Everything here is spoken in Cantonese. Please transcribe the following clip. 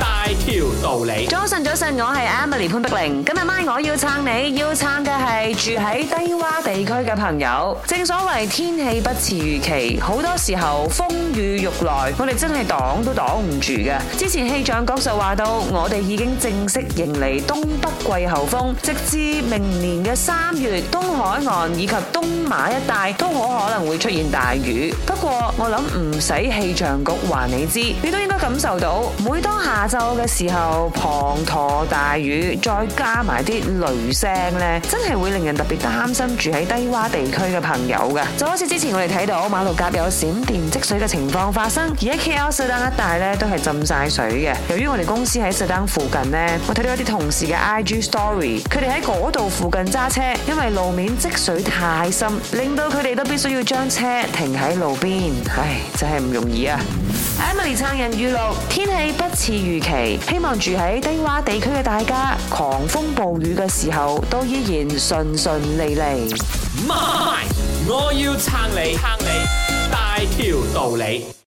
大條道理，早晨早晨，我係 Emily 潘碧玲。今日晚我要撐你，要撐嘅係住喺低窪地區嘅朋友。正所謂天氣不似預期，好多時候風雨欲來，我哋真係擋都擋唔住嘅。之前氣象局就話到，我哋已經正式迎嚟東北季候風，直至明年嘅三月，東海岸以及東馬一帶都好可能會出現大雨。不過我諗唔使氣象局話你知，你都應該感受到，每當下。亞洲嘅時候滂沱大雨，再加埋啲雷聲咧，真係會令人特別擔心住喺低窪地區嘅朋友嘅。就好似之前我哋睇到馬六甲有閃電積水嘅情況發生，而喺 KL 蘇丹一帶咧都係浸晒水嘅。由於我哋公司喺蘇丹附近呢，我睇到一啲同事嘅 IG story，佢哋喺嗰度附近揸車，因為路面積水太深，令到佢哋都必須要將車停喺路邊。唉，真係唔容易啊！Emily 撐人雨露，天氣不似預。預期，希望住喺低窪地區嘅大家，狂風暴雨嘅時候都依然順順利利。My. 我要撐你，撐你，大條道理。